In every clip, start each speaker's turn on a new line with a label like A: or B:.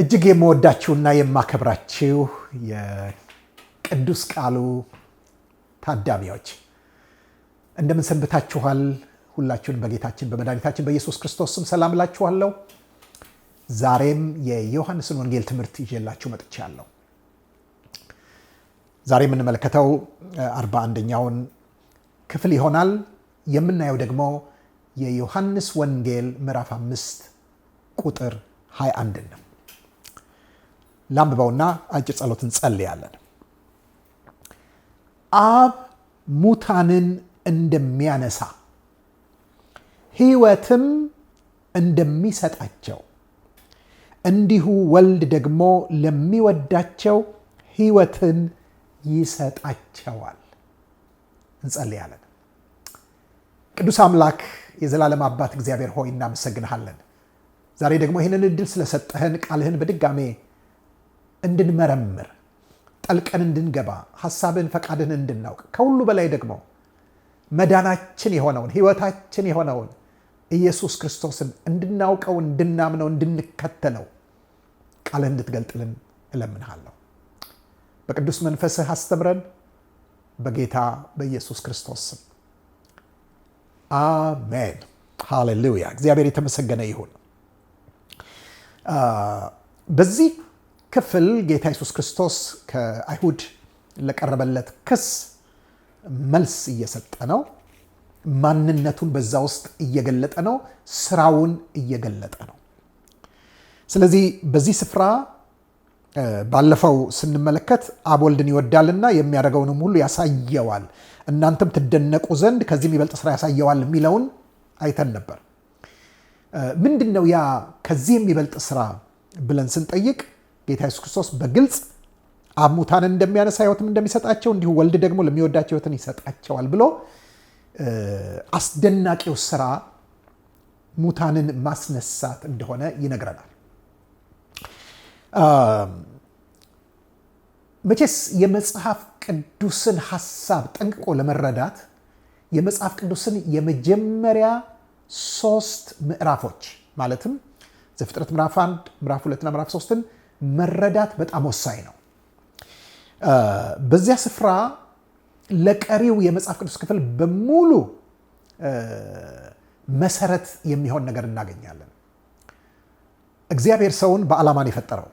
A: እጅግ የምወዳችሁና የማከብራችሁ የቅዱስ ቃሉ ታዳሚዎች እንደምን ሰንብታችኋል? ሁላችሁን በጌታችን በመድኃኒታችን በኢየሱስ ክርስቶስ ስም ሰላም እላችኋለሁ። ዛሬም የዮሐንስን ወንጌል ትምህርት ይዤላችሁ መጥቻለሁ። ዛሬ የምንመለከተው አርባ አንደኛውን ክፍል ይሆናል። የምናየው ደግሞ የዮሐንስ ወንጌል ምዕራፍ አምስት ቁጥር 21 ነው። ላንብበውና አጭር ጸሎት እንጸልያለን። አብ ሙታንን እንደሚያነሳ ሕይወትም እንደሚሰጣቸው እንዲሁ ወልድ ደግሞ ለሚወዳቸው ሕይወትን ይሰጣቸዋል። እንጸልያለን። ቅዱስ አምላክ የዘላለም አባት እግዚአብሔር ሆይ እናመሰግንሃለን። ዛሬ ደግሞ ይህንን እድል ስለሰጠህን ቃልህን በድጋሜ እንድንመረምር ጠልቀን እንድንገባ ሀሳብን ፈቃድን እንድናውቅ ከሁሉ በላይ ደግሞ መዳናችን የሆነውን ህይወታችን የሆነውን ኢየሱስ ክርስቶስን እንድናውቀው እንድናምነው እንድንከተለው ቃል እንድትገልጥልን እለምንሃለሁ። በቅዱስ መንፈስህ አስተምረን። በጌታ በኢየሱስ ክርስቶስ ስም አሜን። ሃሌሉያ። እግዚአብሔር የተመሰገነ ይሁን። በዚህ ክፍል ጌታ ኢየሱስ ክርስቶስ ከአይሁድ ለቀረበለት ክስ መልስ እየሰጠ ነው። ማንነቱን በዛ ውስጥ እየገለጠ ነው። ስራውን እየገለጠ ነው። ስለዚህ በዚህ ስፍራ ባለፈው ስንመለከት አብ ወልድን ይወዳልና የሚያደርገውንም ሁሉ ያሳየዋል፣ እናንተም ትደነቁ ዘንድ ከዚህ የሚበልጥ ስራ ያሳየዋል የሚለውን አይተን ነበር። ምንድን ነው ያ ከዚህ የሚበልጥ ስራ ብለን ስንጠይቅ ጌታ ኢየሱስ ክርስቶስ በግልጽ አብ ሙታንን እንደሚያነሳ ሕይወትም እንደሚሰጣቸው እንዲሁ ወልድ ደግሞ ለሚወዳቸው ሕይወትን ይሰጣቸዋል ብሎ አስደናቂው ስራ ሙታንን ማስነሳት እንደሆነ ይነግረናል። መቼስ የመጽሐፍ ቅዱስን ሀሳብ ጠንቅቆ ለመረዳት የመጽሐፍ ቅዱስን የመጀመሪያ ሶስት ምዕራፎች ማለትም ዘፍጥረት ምዕራፍ አንድ ምዕራፍ ሁለትና ምዕራፍ ሶስትን መረዳት በጣም ወሳኝ ነው። በዚያ ስፍራ ለቀሪው የመጽሐፍ ቅዱስ ክፍል በሙሉ መሰረት የሚሆን ነገር እናገኛለን። እግዚአብሔር ሰውን በዓላማን የፈጠረው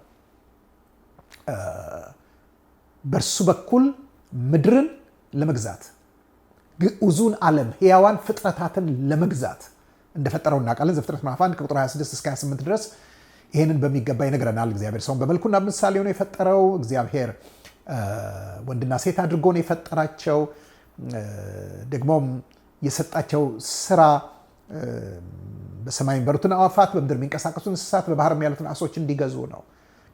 A: በእርሱ በኩል ምድርን ለመግዛት ግዑዙን ዓለም ሕያዋን ፍጥረታትን ለመግዛት እንደፈጠረው እናውቃለን። ዘፍጥረት ምዕራፍ 1 ከቁጥር 26 እስከ 28 ድረስ ይህንን በሚገባ ይነግረናል። እግዚአብሔር ሰውን በመልኩና ምሳሌ ነው የፈጠረው። እግዚአብሔር ወንድና ሴት አድርጎ ነው የፈጠራቸው። ደግሞም የሰጣቸው ስራ በሰማይ የሚበሩትን አዋፋት፣ በምድር የሚንቀሳቀሱ እንስሳት፣ በባህር ያሉትን አሶች እንዲገዙ ነው።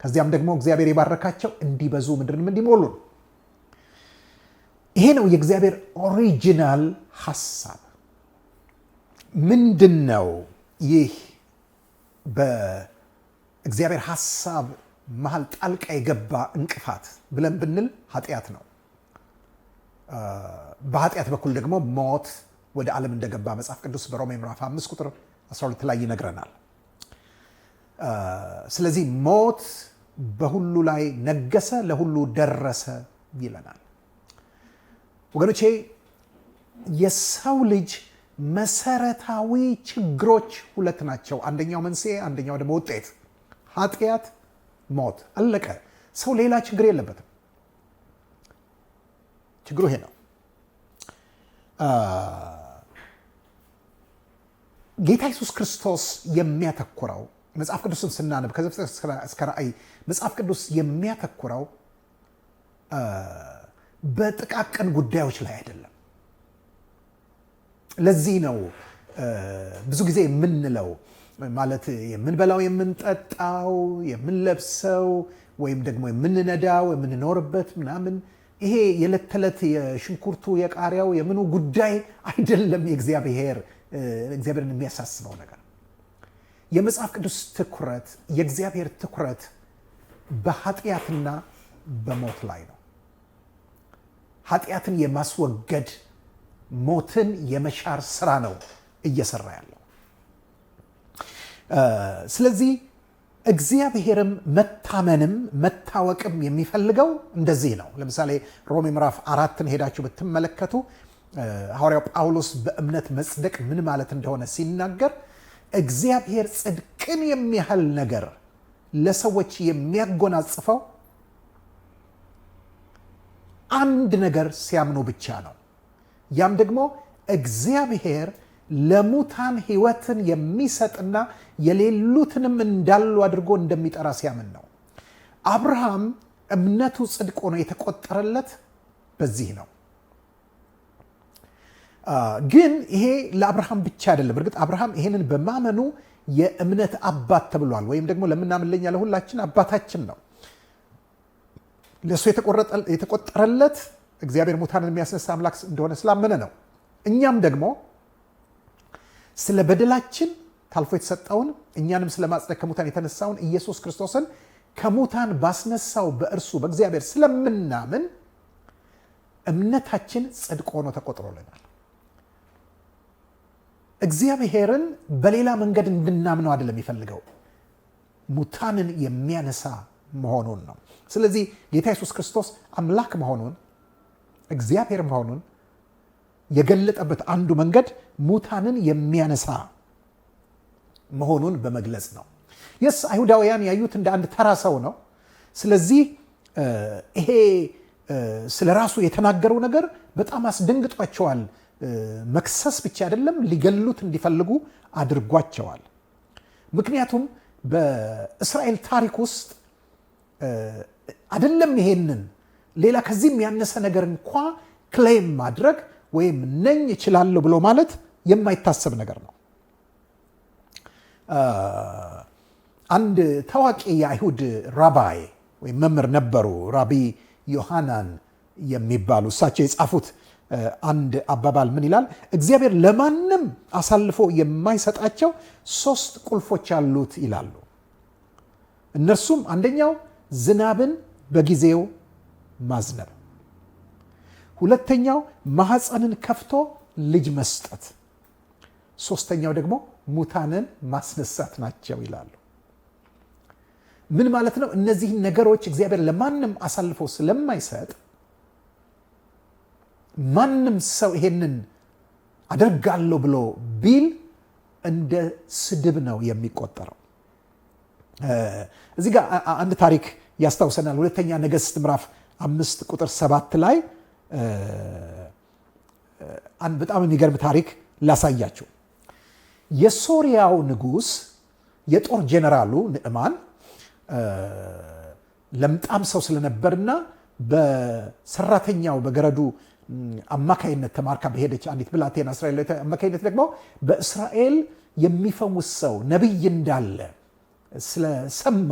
A: ከዚያም ደግሞ እግዚአብሔር የባረካቸው እንዲበዙ ምድርንም እንዲሞሉ ነው። ይሄ ነው የእግዚአብሔር ኦሪጂናል ሀሳብ። ምንድን ነው ይህ እግዚአብሔር ሀሳብ መሀል ጣልቃ የገባ እንቅፋት ብለን ብንል ኃጢአት ነው። በኃጢአት በኩል ደግሞ ሞት ወደ ዓለም እንደገባ መጽሐፍ ቅዱስ በሮሜ ምዕራፍ 5 ቁጥር 12 ላይ ይነግረናል። ስለዚህ ሞት በሁሉ ላይ ነገሰ፣ ለሁሉ ደረሰ ይለናል። ወገኖቼ የሰው ልጅ መሰረታዊ ችግሮች ሁለት ናቸው። አንደኛው መንስኤ፣ አንደኛው ደግሞ ውጤት ኃጢአት፣ ሞት፣ አለቀ። ሰው ሌላ ችግር የለበትም። ችግሩ ይሄ ነው። ጌታ ኢየሱስ ክርስቶስ የሚያተኩረው መጽሐፍ ቅዱስን ስናነብ ከዘፍጥረት እስከ ራእይ መጽሐፍ ቅዱስ የሚያተኩረው በጥቃቅን ጉዳዮች ላይ አይደለም። ለዚህ ነው ብዙ ጊዜ የምንለው ማለት የምንበላው፣ የምንጠጣው፣ የምንለብሰው ወይም ደግሞ የምንነዳው የምንኖርበት ምናምን ይሄ የዕለት ተዕለት የሽንኩርቱ የቃሪያው የምኑ ጉዳይ አይደለም። የእግዚአብሔር እግዚአብሔርን የሚያሳስበው ነገር የመጽሐፍ ቅዱስ ትኩረት የእግዚአብሔር ትኩረት በኃጢአትና በሞት ላይ ነው። ኃጢአትን የማስወገድ ሞትን የመሻር ስራ ነው እየሰራ ያለው። ስለዚህ እግዚአብሔርም መታመንም መታወቅም የሚፈልገው እንደዚህ ነው። ለምሳሌ ሮሜ ምዕራፍ አራትን ሄዳችሁ ብትመለከቱ ሐዋርያው ጳውሎስ በእምነት መጽደቅ ምን ማለት እንደሆነ ሲናገር እግዚአብሔር ጽድቅን የሚያህል ነገር ለሰዎች የሚያጎናጽፈው አንድ ነገር ሲያምኑ ብቻ ነው። ያም ደግሞ እግዚአብሔር ለሙታን ህይወትን የሚሰጥና የሌሉትንም እንዳሉ አድርጎ እንደሚጠራ ሲያምን ነው። አብርሃም እምነቱ ጽድቅ ሆኖ የተቆጠረለት በዚህ ነው። ግን ይሄ ለአብርሃም ብቻ አይደለም። እርግጥ አብርሃም ይሄንን በማመኑ የእምነት አባት ተብሏል፣ ወይም ደግሞ ለምናምንለኛ ለሁላችን አባታችን ነው። ለእሱ የተቆጠረለት እግዚአብሔር ሙታንን የሚያስነሳ አምላክ እንደሆነ ስላመነ ነው። እኛም ደግሞ ስለ በደላችን ታልፎ የተሰጠውን እኛንም ስለ ማጽደቅ ከሙታን የተነሳውን ኢየሱስ ክርስቶስን ከሙታን ባስነሳው በእርሱ በእግዚአብሔር ስለምናምን እምነታችን ጽድቅ ሆኖ ተቆጥሮልናል። እግዚአብሔርን በሌላ መንገድ እንድናምነው አይደለም የሚፈልገው ሙታንን የሚያነሳ መሆኑን ነው። ስለዚህ ጌታ ኢየሱስ ክርስቶስ አምላክ መሆኑን እግዚአብሔር መሆኑን የገለጠበት አንዱ መንገድ ሙታንን የሚያነሳ መሆኑን በመግለጽ ነው። የስ አይሁዳውያን ያዩት እንደ አንድ ተራ ሰው ነው። ስለዚህ ይሄ ስለ ራሱ የተናገረው ነገር በጣም አስደንግጧቸዋል። መክሰስ ብቻ አይደለም፣ ሊገሉት እንዲፈልጉ አድርጓቸዋል። ምክንያቱም በእስራኤል ታሪክ ውስጥ አይደለም ይሄንን ሌላ ከዚህም ያነሰ ነገር እንኳ ክሌም ማድረግ ወይም ነኝ እችላለሁ ብሎ ማለት የማይታሰብ ነገር ነው። አንድ ታዋቂ የአይሁድ ራባይ ወይም መምህር ነበሩ፣ ራቢ ዮሐናን የሚባሉ እሳቸው የጻፉት አንድ አባባል ምን ይላል? እግዚአብሔር ለማንም አሳልፎ የማይሰጣቸው ሶስት ቁልፎች አሉት ይላሉ። እነርሱም አንደኛው ዝናብን በጊዜው ማዝነብ ሁለተኛው ማህፀንን ከፍቶ ልጅ መስጠት፣ ሶስተኛው ደግሞ ሙታንን ማስነሳት ናቸው ይላሉ። ምን ማለት ነው? እነዚህን ነገሮች እግዚአብሔር ለማንም አሳልፎ ስለማይሰጥ ማንም ሰው ይሄንን አደርጋለሁ ብሎ ቢል እንደ ስድብ ነው የሚቆጠረው። እዚህ ጋር አንድ ታሪክ ያስታውሰናል። ሁለተኛ ነገሥት ምዕራፍ አምስት ቁጥር ሰባት ላይ አንድ በጣም የሚገርም ታሪክ ላሳያቸው። የሶሪያው ንጉስ የጦር ጀነራሉ ንዕማን ለምጣም ሰው ስለነበርና በሰራተኛው በገረዱ አማካይነት ተማርካ በሄደች አንዲት ብላቴና እስራኤል አማካይነት ደግሞ በእስራኤል የሚፈውስ ሰው ነቢይ እንዳለ ስለሰማ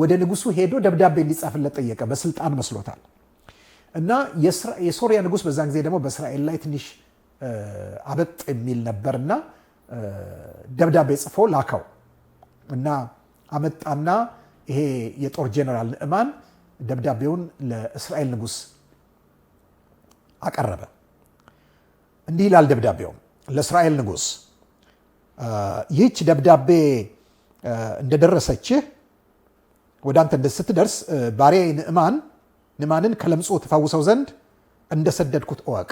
A: ወደ ንጉሱ ሄዶ ደብዳቤ እንዲጻፍለት ጠየቀ። በስልጣን መስሎታል። እና የሶሪያ ንጉስ በዛን ጊዜ ደግሞ በእስራኤል ላይ ትንሽ አበጥ የሚል ነበርና ደብዳቤ ጽፎ ላከው እና አመጣና ይሄ የጦር ጀነራል ንዕማን ደብዳቤውን ለእስራኤል ንጉስ አቀረበ። እንዲህ ይላል ደብዳቤውም ለእስራኤል ንጉስ ይህች ደብዳቤ እንደደረሰችህ ወደ አንተ ስትደርስ ባሪያዬ ንዕማን ንዕማንን ከለምጹ ተፋውሰው ዘንድ እንደሰደድኩት እወቅ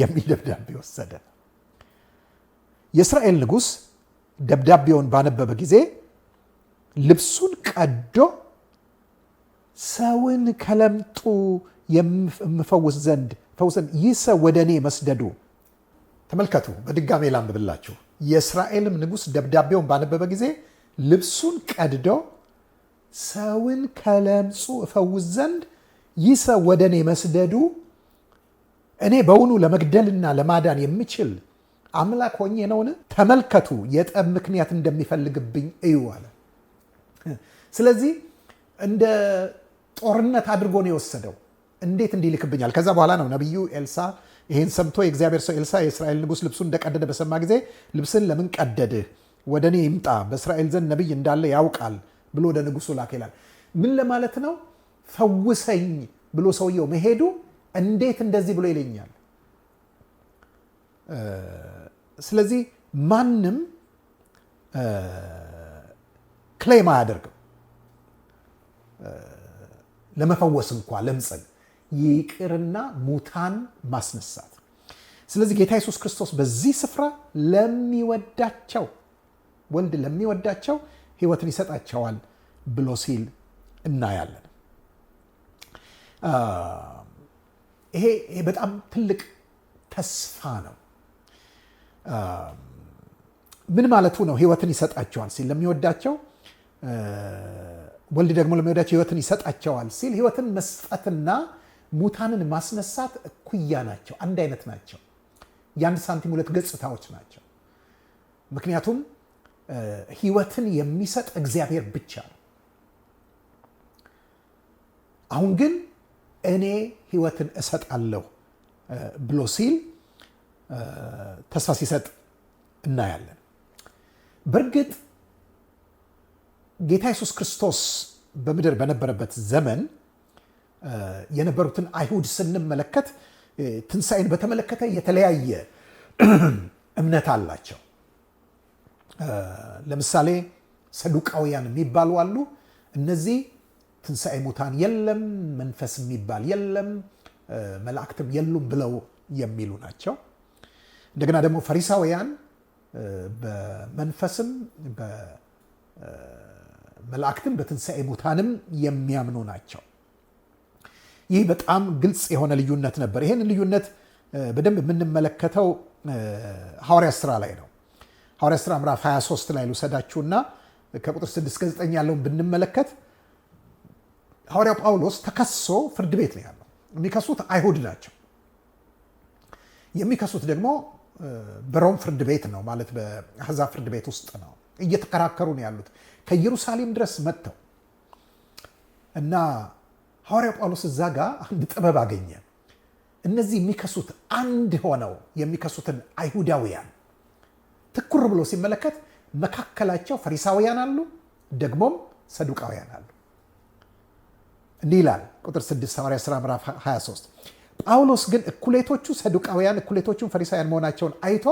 A: የሚል ደብዳቤ ወሰደ። የእስራኤል ንጉሥ ደብዳቤውን ባነበበ ጊዜ ልብሱን ቀዶ ሰውን ከለምጡ የምፈውስ ዘንድ ፈውሰን ይህ ሰው ወደ እኔ መስደዱ ተመልከቱ። በድጋሜ ላንብብላችሁ። የእስራኤልም ንጉሥ ደብዳቤውን ባነበበ ጊዜ ልብሱን ቀድዶ ሰውን ከለምጹ እፈውስ ዘንድ ይህ ሰው ወደ እኔ መስደዱ እኔ በውኑ ለመግደልና ለማዳን የምችል አምላክ ሆኜ ነውን? ተመልከቱ፣ የጠብ ምክንያት እንደሚፈልግብኝ እዩ አለ። ስለዚህ እንደ ጦርነት አድርጎ ነው የወሰደው። እንዴት እንዲልክብኛል? ከዛ በኋላ ነው ነቢዩ ኤልሳ ይህን ሰምቶ የእግዚአብሔር ሰው ኤልሳ የእስራኤል ንጉሥ ልብሱን እንደቀደደ በሰማ ጊዜ ልብስን ለምን ቀደድህ? ወደ እኔ ይምጣ፣ በእስራኤል ዘንድ ነቢይ እንዳለ ያውቃል ብሎ ወደ ንጉሱ ላክ ይላል። ምን ለማለት ነው? ፈውሰኝ ብሎ ሰውየው መሄዱ እንዴት እንደዚህ ብሎ ይለኛል። ስለዚህ ማንም ክሌም አያደርግም ለመፈወስ እንኳ ለምጽን ይቅርና ሙታን ማስነሳት። ስለዚህ ጌታ ኢየሱስ ክርስቶስ በዚህ ስፍራ ለሚወዳቸው ወልድ ለሚወዳቸው ህይወትን ይሰጣቸዋል ብሎ ሲል እናያለን። ይሄ በጣም ትልቅ ተስፋ ነው። ምን ማለቱ ነው? ህይወትን ይሰጣቸዋል ሲል ለሚወዳቸው ወልድ ደግሞ ለሚወዳቸው ህይወትን ይሰጣቸዋል ሲል ህይወትን መስጠትና ሙታንን ማስነሳት እኩያ ናቸው፣ አንድ አይነት ናቸው። የአንድ ሳንቲም ሁለት ገጽታዎች ናቸው። ምክንያቱም ህይወትን የሚሰጥ እግዚአብሔር ብቻ ነው። አሁን ግን እኔ ህይወትን እሰጣለሁ ብሎ ሲል ተስፋ ሲሰጥ እናያለን። በእርግጥ ጌታ ኢየሱስ ክርስቶስ በምድር በነበረበት ዘመን የነበሩትን አይሁድ ስንመለከት ትንሣኤን በተመለከተ የተለያየ እምነት አላቸው። ለምሳሌ ሰዱቃውያን የሚባሉ አሉ። እነዚህ ትንሣኤ ሙታን የለም፣ መንፈስ የሚባል የለም፣ መላእክትም የሉም ብለው የሚሉ ናቸው። እንደገና ደግሞ ፈሪሳውያን በመንፈስም በመላእክትም በትንሣኤ ሙታንም የሚያምኑ ናቸው። ይህ በጣም ግልጽ የሆነ ልዩነት ነበር። ይህን ልዩነት በደንብ የምንመለከተው ሐዋርያ ስራ ላይ ነው። ሐዋርያ ሥራ ምዕራፍ 23 ላይ ልውሰዳችሁና ከቁጥር 6 እስከ 9 ያለውን ብንመለከት ሐዋርያው ጳውሎስ ተከሶ ፍርድ ቤት ነው ያለው። የሚከሱት አይሁድ ናቸው። የሚከሱት ደግሞ በሮም ፍርድ ቤት ነው ማለት በአሕዛብ ፍርድ ቤት ውስጥ ነው። እየተከራከሩ ነው ያሉት ከኢየሩሳሌም ድረስ መጥተው እና ሐዋርያው ጳውሎስ እዛ ጋር አንድ ጥበብ አገኘ። እነዚህ የሚከሱት አንድ ሆነው የሚከሱትን አይሁዳውያን ትኩር ብሎ ሲመለከት መካከላቸው ፈሪሳውያን አሉ፣ ደግሞም ሰዱቃውያን አሉ። እንዲህ ይላል ቁጥር 6 ሐዋርያ ሥራ ምዕራፍ 23 ጳውሎስ ግን እኩሌቶቹ ሰዱቃውያን እኩሌቶቹን ፈሪሳውያን መሆናቸውን አይቶ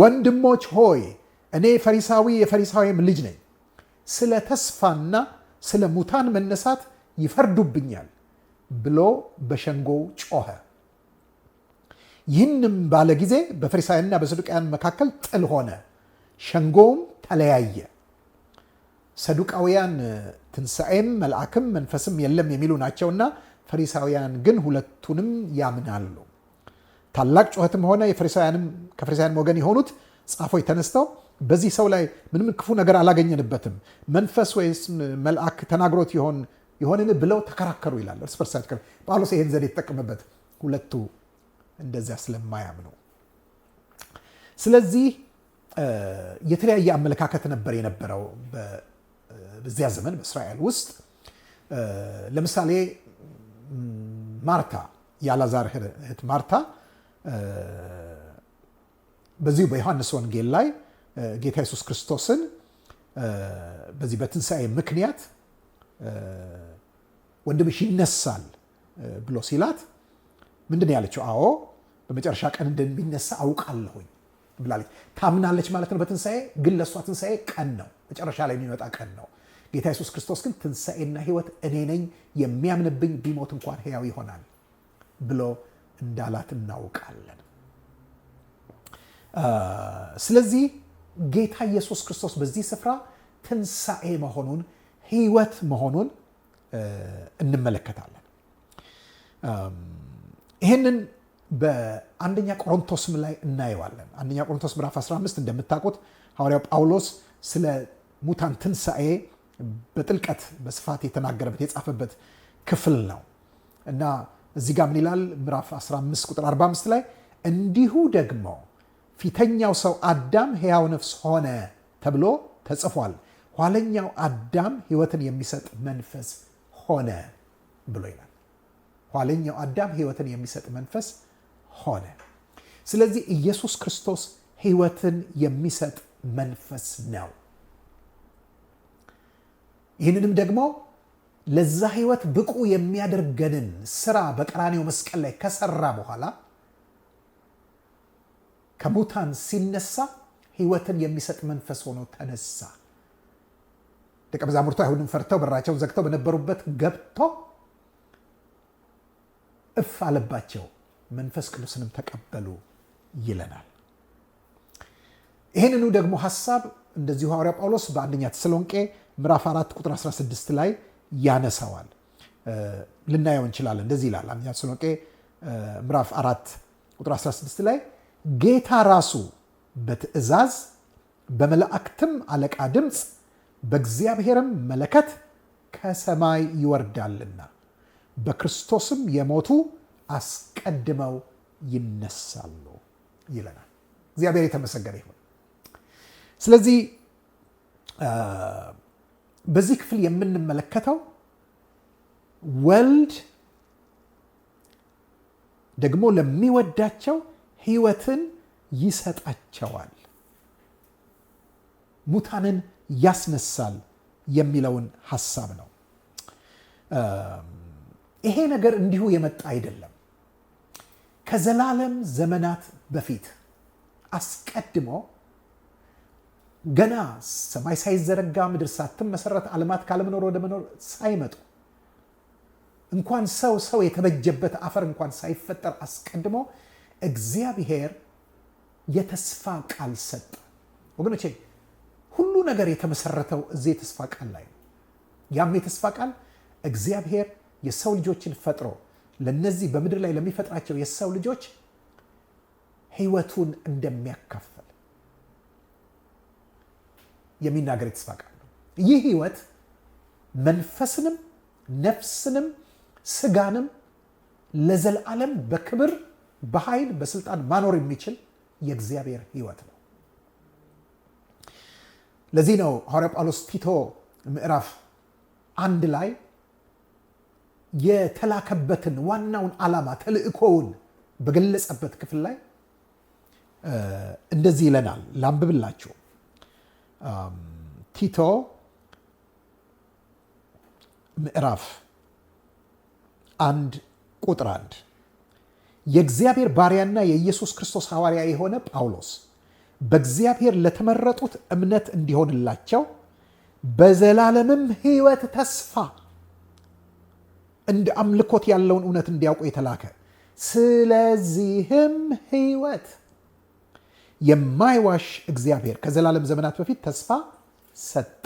A: ወንድሞች ሆይ እኔ ፈሪሳዊ የፈሪሳዊም ልጅ ነኝ፣ ስለ ተስፋና ስለ ሙታን መነሳት ይፈርዱብኛል ብሎ በሸንጎው ጮኸ። ይህንም ባለ ጊዜ በፈሪሳውያንና በሰዱቃውያን መካከል ጥል ሆነ፣ ሸንጎም ተለያየ። ሰዱቃውያን ትንሣኤም መልአክም መንፈስም የለም የሚሉ ናቸውና ፈሪሳውያን ግን ሁለቱንም ያምናሉ። ታላቅ ጩኸትም ሆነ። ከፈሪሳውያንም ወገን የሆኑት ጻፎች ተነስተው በዚህ ሰው ላይ ምንም ክፉ ነገር አላገኘንበትም፣ መንፈስ ወይስ መልአክ ተናግሮት ይሆንን ብለው ተከራከሩ ይላል። እርስ በርሳቸው ጳውሎስ ይህን ዘዴ የተጠቀመበት ሁለቱ እንደዚያ ስለማያምኑ ስለዚህ የተለያየ አመለካከት ነበር የነበረው በዚያ ዘመን በእስራኤል ውስጥ። ለምሳሌ ማርታ የአላዛር እህት ማርታ በዚሁ በዮሐንስ ወንጌል ላይ ጌታ ኢየሱስ ክርስቶስን በዚህ በትንሣኤ ምክንያት ወንድምሽ ይነሳል ብሎ ሲላት ምንድን ነው ያለችው? አዎ በመጨረሻ ቀን እንደሚነሳ አውቃለሁኝ ብላለች። ታምናለች ማለት ነው በትንሣኤ ግን ለእሷ ትንሣኤ ቀን ነው፣ መጨረሻ ላይ የሚመጣ ቀን ነው። ጌታ ኢየሱስ ክርስቶስ ግን ትንሣኤና ሕይወት እኔ ነኝ፣ የሚያምንብኝ ቢሞት እንኳን ሕያው ይሆናል ብሎ እንዳላት እናውቃለን። ስለዚህ ጌታ ኢየሱስ ክርስቶስ በዚህ ስፍራ ትንሣኤ መሆኑን ሕይወት መሆኑን እንመለከታለን። ይህንን በአንደኛ ቆሮንቶስም ላይ እናየዋለን። አንደኛ ቆሮንቶስ ምዕራፍ 15 እንደምታውቁት ሐዋርያው ጳውሎስ ስለ ሙታን ትንሣኤ በጥልቀት በስፋት የተናገረበት የጻፈበት ክፍል ነው እና እዚህ ጋር ምን ይላል? ምዕራፍ 15 ቁጥር 45 ላይ እንዲሁ ደግሞ ፊተኛው ሰው አዳም ሕያው ነፍስ ሆነ ተብሎ ተጽፏል፣ ኋለኛው አዳም ሕይወትን የሚሰጥ መንፈስ ሆነ ብሎ ይላል። ኋለኛው አዳም ህይወትን የሚሰጥ መንፈስ ሆነ። ስለዚህ ኢየሱስ ክርስቶስ ህይወትን የሚሰጥ መንፈስ ነው። ይህንንም ደግሞ ለዛ ህይወት ብቁ የሚያደርገንን ስራ በቀራኔው መስቀል ላይ ከሰራ በኋላ ከሙታን ሲነሳ ህይወትን የሚሰጥ መንፈስ ሆኖ ተነሳ። ደቀ መዛሙርቱ አይሁድን ፈርተው በራቸውን ዘግተው በነበሩበት ገብቶ እፍ አለባቸው፣ መንፈስ ቅዱስንም ተቀበሉ ይለናል። ይህንኑ ደግሞ ሀሳብ እንደዚሁ ሐዋርያ ጳውሎስ በአንደኛ ተሰሎንቄ ምዕራፍ 4 ቁጥር 16 ላይ ያነሳዋል። ልናየው እንችላለን። እንደዚህ ይላል አንደኛ ተሰሎንቄ ምዕራፍ 4 ቁጥር 16 ላይ ጌታ ራሱ በትእዛዝ በመላእክትም አለቃ ድምፅ በእግዚአብሔርም መለከት ከሰማይ ይወርዳልና በክርስቶስም የሞቱ አስቀድመው ይነሳሉ ይለናል። እግዚአብሔር የተመሰገነ ይሁን። ስለዚህ በዚህ ክፍል የምንመለከተው ወልድ ደግሞ ለሚወዳቸው ሕይወትን ይሰጣቸዋል፣ ሙታንን ያስነሳል የሚለውን ሀሳብ ነው። ይሄ ነገር እንዲሁ የመጣ አይደለም። ከዘላለም ዘመናት በፊት አስቀድሞ ገና ሰማይ ሳይዘረጋ ምድር ሳትመሰረት ዓለማት ካለመኖር ወደ መኖር ሳይመጡ እንኳን ሰው ሰው የተበጀበት አፈር እንኳን ሳይፈጠር አስቀድሞ እግዚአብሔር የተስፋ ቃል ሰጠ። ወገኖቼ ሁሉ ነገር የተመሰረተው እዚህ የተስፋ ቃል ላይ ነው። ያም የተስፋ ቃል እግዚአብሔር የሰው ልጆችን ፈጥሮ ለነዚህ በምድር ላይ ለሚፈጥራቸው የሰው ልጆች ህይወቱን እንደሚያካፍል የሚናገር የተስፋ ቃል ነው። ይህ ህይወት መንፈስንም ነፍስንም ስጋንም ለዘላለም በክብር በኃይል በስልጣን ማኖር የሚችል የእግዚአብሔር ህይወት ነው። ለዚህ ነው ሐዋርያ ጳውሎስ ቲቶ ምዕራፍ አንድ ላይ የተላከበትን ዋናውን ዓላማ ተልእኮውን በገለጸበት ክፍል ላይ እንደዚህ ይለናል። ላንብብላችሁ። ቲቶ ምዕራፍ አንድ ቁጥር አንድ የእግዚአብሔር ባሪያና የኢየሱስ ክርስቶስ ሐዋርያ የሆነ ጳውሎስ በእግዚአብሔር ለተመረጡት እምነት እንዲሆንላቸው በዘላለምም ሕይወት ተስፋ እንደ አምልኮት ያለውን እውነት እንዲያውቁ የተላከ ስለዚህም ህይወት የማይዋሽ እግዚአብሔር ከዘላለም ዘመናት በፊት ተስፋ ሰጠ።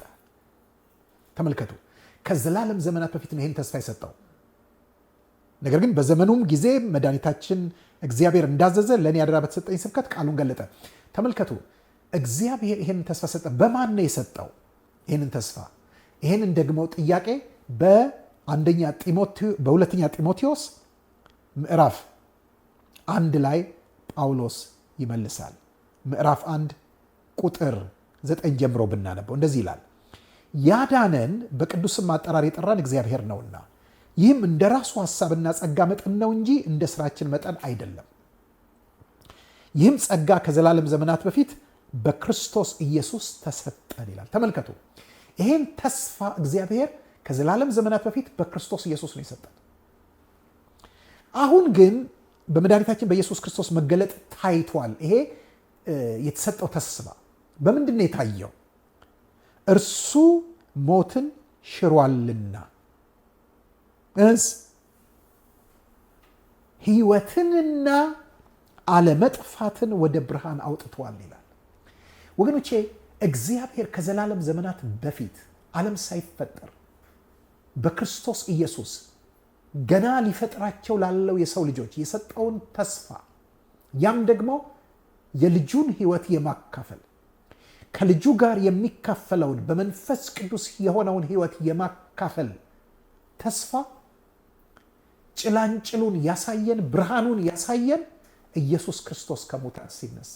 A: ተመልከቱ፣ ከዘላለም ዘመናት በፊት ነው ይህን ተስፋ የሰጠው። ነገር ግን በዘመኑም ጊዜ መድኃኒታችን እግዚአብሔር እንዳዘዘ ለእኔ አደራ በተሰጠኝ ስብከት ቃሉን ገለጠ። ተመልከቱ፣ እግዚአብሔር ይህንን ተስፋ ሰጠ። በማን ነው የሰጠው? ይህንን ተስፋ ይህንን ደግሞ ጥያቄ በ አንደኛ በሁለተኛ ጢሞቴዎስ ምዕራፍ አንድ ላይ ጳውሎስ ይመልሳል። ምዕራፍ አንድ ቁጥር ዘጠኝ ጀምሮ ብናነበው እንደዚህ ይላል፣ ያዳነን በቅዱስም አጠራር የጠራን እግዚአብሔር ነውና ይህም እንደ ራሱ ሐሳብና ጸጋ መጠን ነው እንጂ እንደ ስራችን መጠን አይደለም። ይህም ጸጋ ከዘላለም ዘመናት በፊት በክርስቶስ ኢየሱስ ተሰጠን ይላል። ተመልከቱ፣ ይህን ተስፋ እግዚአብሔር ከዘላለም ዘመናት በፊት በክርስቶስ ኢየሱስ ነው የሰጠን። አሁን ግን በመድኃኒታችን በኢየሱስ ክርስቶስ መገለጥ ታይቷል። ይሄ የተሰጠው ተስፋ በምንድን ነው የታየው? እርሱ ሞትን ሽሯልና እስ ህይወትንና አለመጥፋትን ወደ ብርሃን አውጥቷል ይላል። ወገኖቼ እግዚአብሔር ከዘላለም ዘመናት በፊት ዓለም ሳይፈጠር በክርስቶስ ኢየሱስ ገና ሊፈጥራቸው ላለው የሰው ልጆች የሰጠውን ተስፋ ያም ደግሞ የልጁን ህይወት የማካፈል ከልጁ ጋር የሚካፈለውን በመንፈስ ቅዱስ የሆነውን ህይወት የማካፈል ተስፋ ጭላንጭሉን ያሳየን፣ ብርሃኑን ያሳየን ኢየሱስ ክርስቶስ ከሙታን ሲነሳ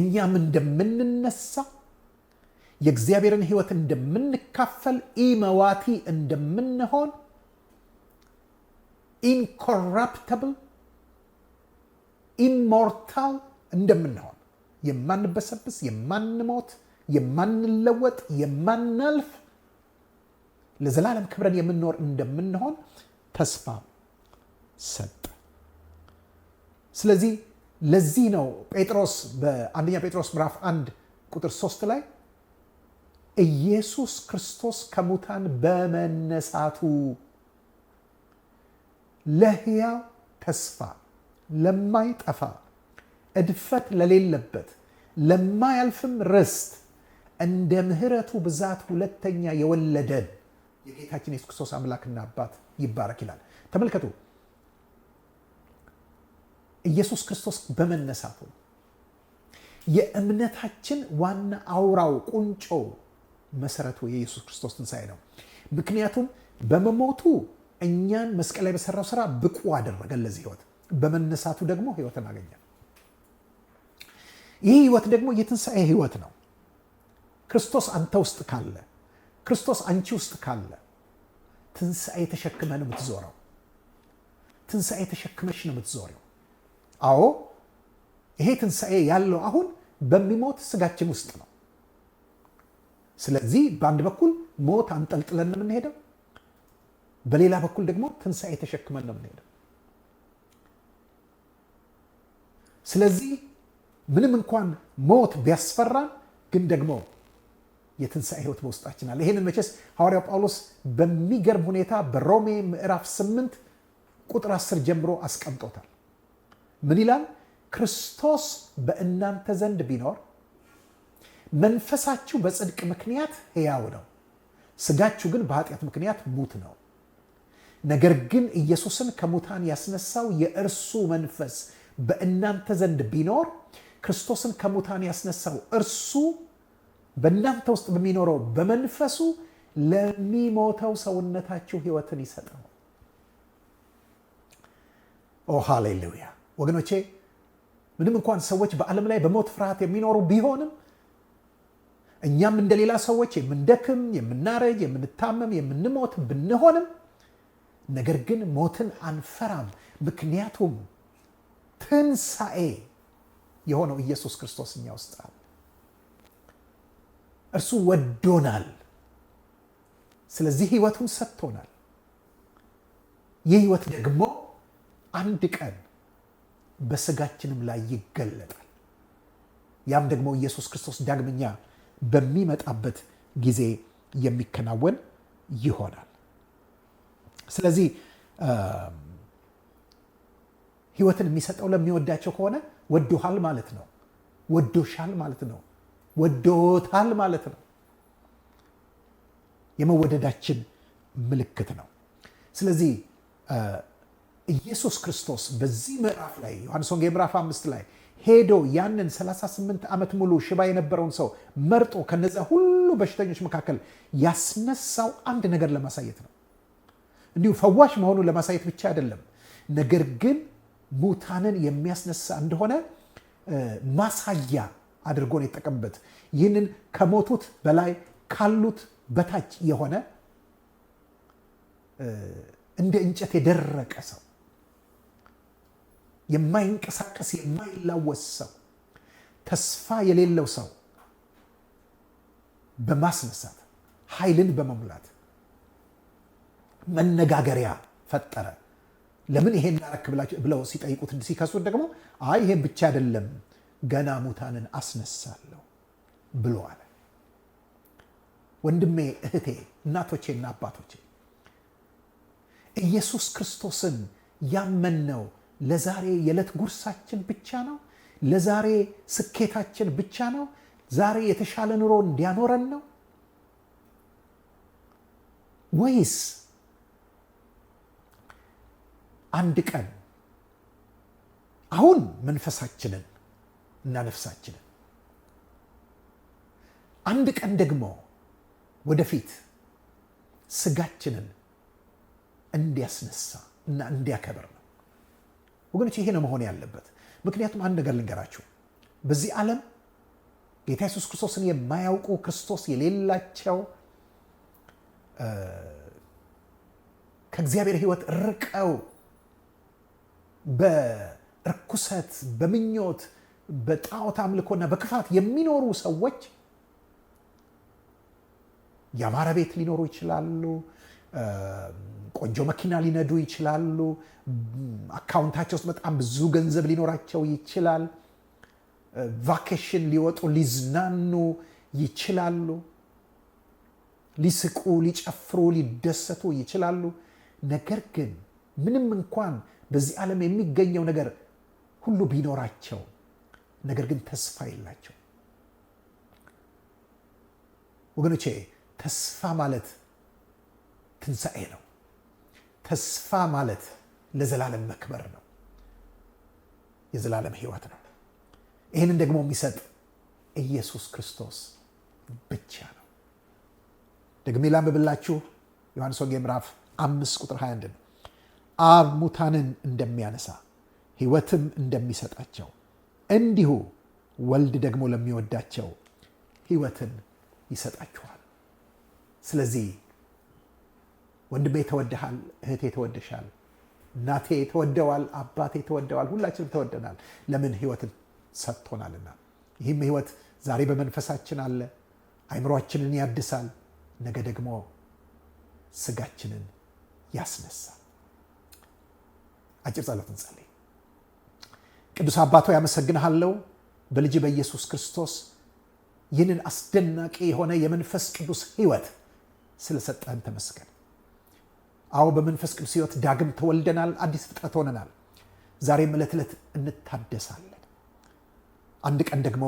A: እኛም እንደምንነሳ የእግዚአብሔርን ህይወት እንደምንካፈል ኢመዋቲ እንደምንሆን ኢንኮራፕተብል ኢሞርታል እንደምንሆን የማንበሰብስ፣ የማንሞት፣ የማንለወጥ፣ የማናልፍ ለዘላለም ክብረን የምንኖር እንደምንሆን ተስፋ ሰጥ ስለዚህ ለዚህ ነው ጴጥሮስ በአንደኛ ጴጥሮስ ምዕራፍ አንድ ቁጥር 3 ላይ ኢየሱስ ክርስቶስ ከሙታን በመነሳቱ ለሕያው ተስፋ ለማይጠፋ እድፈት ለሌለበት ለማያልፍም ርስት እንደ ምሕረቱ ብዛት ሁለተኛ የወለደን የጌታችን የሱስ ክርስቶስ አምላክና አባት ይባረክ ይላል። ተመልከቱ፣ ኢየሱስ ክርስቶስ በመነሳቱ የእምነታችን ዋና አውራው ቁንጮ መሰረቱ የኢየሱስ ክርስቶስ ትንሣኤ ነው። ምክንያቱም በመሞቱ እኛን መስቀል ላይ በሰራው ስራ ብቁ አደረገን ለዚህ ህይወት፣ በመነሳቱ ደግሞ ህይወትን አገኘን። ይህ ህይወት ደግሞ የትንሣኤ ህይወት ነው። ክርስቶስ አንተ ውስጥ ካለ፣ ክርስቶስ አንቺ ውስጥ ካለ ትንሣኤ ተሸክመ ነው የምትዞረው። ትንሣኤ ተሸክመሽ ነው የምትዞረው። አዎ ይሄ ትንሣኤ ያለው አሁን በሚሞት ስጋችን ውስጥ ነው። ስለዚህ በአንድ በኩል ሞት አንጠልጥለን ነው የምንሄደው፣ በሌላ በኩል ደግሞ ትንሣኤ ተሸክመን ነው የምንሄደው። ስለዚህ ምንም እንኳን ሞት ቢያስፈራን፣ ግን ደግሞ የትንሣኤ ህይወት በውስጣችን አለ። ይህንን መቼስ ሐዋርያው ጳውሎስ በሚገርም ሁኔታ በሮሜ ምዕራፍ 8 ቁጥር 10 ጀምሮ አስቀምጦታል። ምን ይላል? ክርስቶስ በእናንተ ዘንድ ቢኖር መንፈሳችሁ በጽድቅ ምክንያት ሕያው ነው፣ ስጋችሁ ግን በኃጢአት ምክንያት ሙት ነው። ነገር ግን ኢየሱስን ከሙታን ያስነሳው የእርሱ መንፈስ በእናንተ ዘንድ ቢኖር ክርስቶስን ከሙታን ያስነሳው እርሱ በእናንተ ውስጥ በሚኖረው በመንፈሱ ለሚሞተው ሰውነታችሁ ሕይወትን ይሰጠው። ኦ ሃሌሉያ! ወገኖቼ ምንም እንኳን ሰዎች በዓለም ላይ በሞት ፍርሃት የሚኖሩ ቢሆንም እኛም እንደሌላ ሰዎች የምንደክም፣ የምናረጅ፣ የምንታመም፣ የምንሞት ብንሆንም ነገር ግን ሞትን አንፈራም። ምክንያቱም ትንሣኤ የሆነው ኢየሱስ ክርስቶስ እኛ ውስጥ አለ። እርሱ ወዶናል። ስለዚህ ህይወቱን ሰጥቶናል። ይህ ህይወት ደግሞ አንድ ቀን በስጋችንም ላይ ይገለጣል። ያም ደግሞ ኢየሱስ ክርስቶስ ዳግመኛ በሚመጣበት ጊዜ የሚከናወን ይሆናል። ስለዚህ ህይወትን የሚሰጠው ለሚወዳቸው ከሆነ ወዶሃል ማለት ነው። ወዶሻል ማለት ነው። ወዶታል ማለት ነው። የመወደዳችን ምልክት ነው። ስለዚህ ኢየሱስ ክርስቶስ በዚህ ምዕራፍ ላይ ዮሐንስ ወንጌል ምዕራፍ አምስት ላይ ሄዶ ያንን 38 ዓመት ሙሉ ሽባ የነበረውን ሰው መርጦ ከነዚያ ሁሉ በሽተኞች መካከል ያስነሳው አንድ ነገር ለማሳየት ነው። እንዲሁ ፈዋሽ መሆኑን ለማሳየት ብቻ አይደለም፣ ነገር ግን ሙታንን የሚያስነሳ እንደሆነ ማሳያ አድርጎ ነው የጠቀምበት። ይህንን ከሞቱት በላይ ካሉት በታች የሆነ እንደ እንጨት የደረቀ ሰው የማይንቀሳቀስ የማይላወስ ሰው ተስፋ የሌለው ሰው በማስነሳት ኃይልን በመሙላት መነጋገሪያ ፈጠረ። ለምን ይሄን ላረክ ብለው ሲጠይቁት ሲከሱት ደግሞ አይ ይሄን ብቻ አይደለም ገና ሙታንን አስነሳለሁ ብሎ አለ። ወንድሜ እህቴ፣ እናቶቼና አባቶቼ ኢየሱስ ክርስቶስን ያመነው ለዛሬ የዕለት ጉርሳችን ብቻ ነው? ለዛሬ ስኬታችን ብቻ ነው? ዛሬ የተሻለ ኑሮ እንዲያኖረን ነው ወይስ አንድ ቀን አሁን መንፈሳችንን እና ነፍሳችንን አንድ ቀን ደግሞ ወደፊት ስጋችንን እንዲያስነሳ እና እንዲያከብር ነው። ወገኖች ይሄ ነው መሆን ያለበት። ምክንያቱም አንድ ነገር ልንገራችሁ፣ በዚህ ዓለም ጌታ ኢየሱስ ክርስቶስን የማያውቁ ክርስቶስ የሌላቸው ከእግዚአብሔር ሕይወት ርቀው በርኩሰት፣ በምኞት፣ በጣዖት አምልኮና በክፋት የሚኖሩ ሰዎች ያማረ ቤት ሊኖሩ ይችላሉ። ቆንጆ መኪና ሊነዱ ይችላሉ። አካውንታቸው ውስጥ በጣም ብዙ ገንዘብ ሊኖራቸው ይችላል። ቫኬሽን ሊወጡ ሊዝናኑ ይችላሉ። ሊስቁ፣ ሊጨፍሩ፣ ሊደሰቱ ይችላሉ። ነገር ግን ምንም እንኳን በዚህ ዓለም የሚገኘው ነገር ሁሉ ቢኖራቸው ነገር ግን ተስፋ የላቸው። ወገኖቼ ተስፋ ማለት ትንሣኤ ነው። ተስፋ ማለት ለዘላለም መክበር ነው፣ የዘላለም ህይወት ነው። ይህንን ደግሞ የሚሰጥ ኢየሱስ ክርስቶስ ብቻ ነው። ደግሜ ላንብብላችሁ ዮሐንስ ወንጌል ምዕራፍ አምስት ቁጥር 21 ነው። አብ ሙታንን እንደሚያነሳ ህይወትም እንደሚሰጣቸው እንዲሁ ወልድ ደግሞ ለሚወዳቸው ህይወትን ይሰጣችኋል። ስለዚህ ወንድሜ ተወደሃል፣ እህቴ ተወደሻል፣ እናቴ ተወደዋል፣ አባቴ ተወደዋል። ሁላችንም ተወደናል። ለምን ህይወትን ሰጥቶናልና። ይህም ህይወት ዛሬ በመንፈሳችን አለ፣ አይምሯችንን ያድሳል፣ ነገ ደግሞ ስጋችንን ያስነሳል። አጭር ጸሎት እንጸልይ። ቅዱስ አባቶ ያመሰግንሃለው በልጅ በኢየሱስ ክርስቶስ ይህንን አስደናቂ የሆነ የመንፈስ ቅዱስ ህይወት ስለሰጠህን ተመስገን። አዎ በመንፈስ ቅዱስ ህይወት ዳግም ተወልደናል። አዲስ ፍጥረት ሆነናል። ዛሬም ዕለት ዕለት እንታደሳለን። አንድ ቀን ደግሞ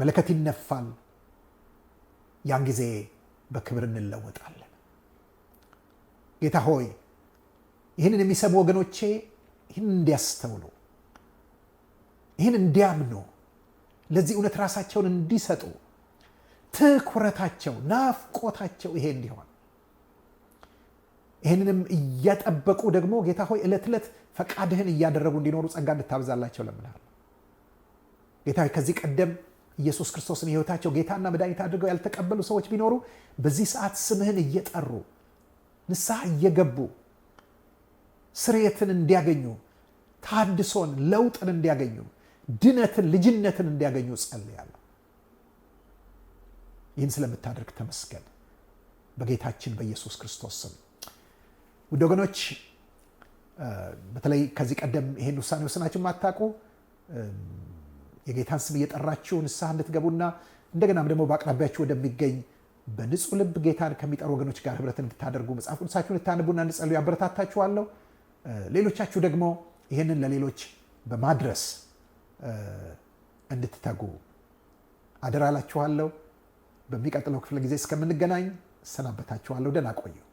A: መለከት ይነፋል። ያን ጊዜ በክብር እንለወጣለን። ጌታ ሆይ ይህንን የሚሰሙ ወገኖቼ ይህን እንዲያስተውሉ፣ ይህን እንዲያምኑ፣ ለዚህ እውነት ራሳቸውን እንዲሰጡ፣ ትኩረታቸው ናፍቆታቸው ይሄ እንዲሆን ይህንንም እየጠበቁ ደግሞ ጌታ ሆይ እለት ዕለት ፈቃድህን እያደረጉ እንዲኖሩ ጸጋ እንድታብዛላቸው ለምናል። ጌታ ከዚህ ቀደም ኢየሱስ ክርስቶስን የሕይወታቸው ጌታና መድኃኒት አድርገው ያልተቀበሉ ሰዎች ቢኖሩ በዚህ ሰዓት ስምህን እየጠሩ ንስሐ እየገቡ ስርየትን እንዲያገኙ ታድሶን፣ ለውጥን እንዲያገኙ፣ ድነትን፣ ልጅነትን እንዲያገኙ ጸልያለሁ። ይህን ስለምታደርግ ተመስገን። በጌታችን በኢየሱስ ክርስቶስ ስም ውድ ወገኖች በተለይ ከዚህ ቀደም ይሄን ውሳኔ ወስናችሁ ማታውቁ የጌታን ስም እየጠራችሁ ንስሐ እንድትገቡና እንደገናም ደግሞ በአቅራቢያችሁ ወደሚገኝ በንጹህ ልብ ጌታን ከሚጠሩ ወገኖች ጋር ህብረት እንድታደርጉ መጽሐፍ ቅዱሳችሁን ልታነቡና እንጸሉ ያበረታታችኋለሁ። ሌሎቻችሁ ደግሞ ይህንን ለሌሎች በማድረስ እንድትተጉ አደራላችኋለሁ። በሚቀጥለው ክፍለ ጊዜ እስከምንገናኝ ሰናበታችኋለሁ። ደህና ቆዩ።